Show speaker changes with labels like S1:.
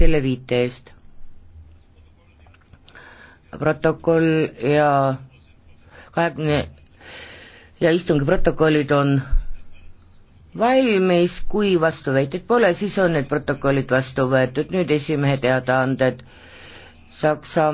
S1: selle viite eest. protokoll ja kahekümne ja istungi protokollid on valmis, kui vastuväiteid pole, siis on need protokollid vastu võetud, nüüd esimehe teadaanded Saksamaa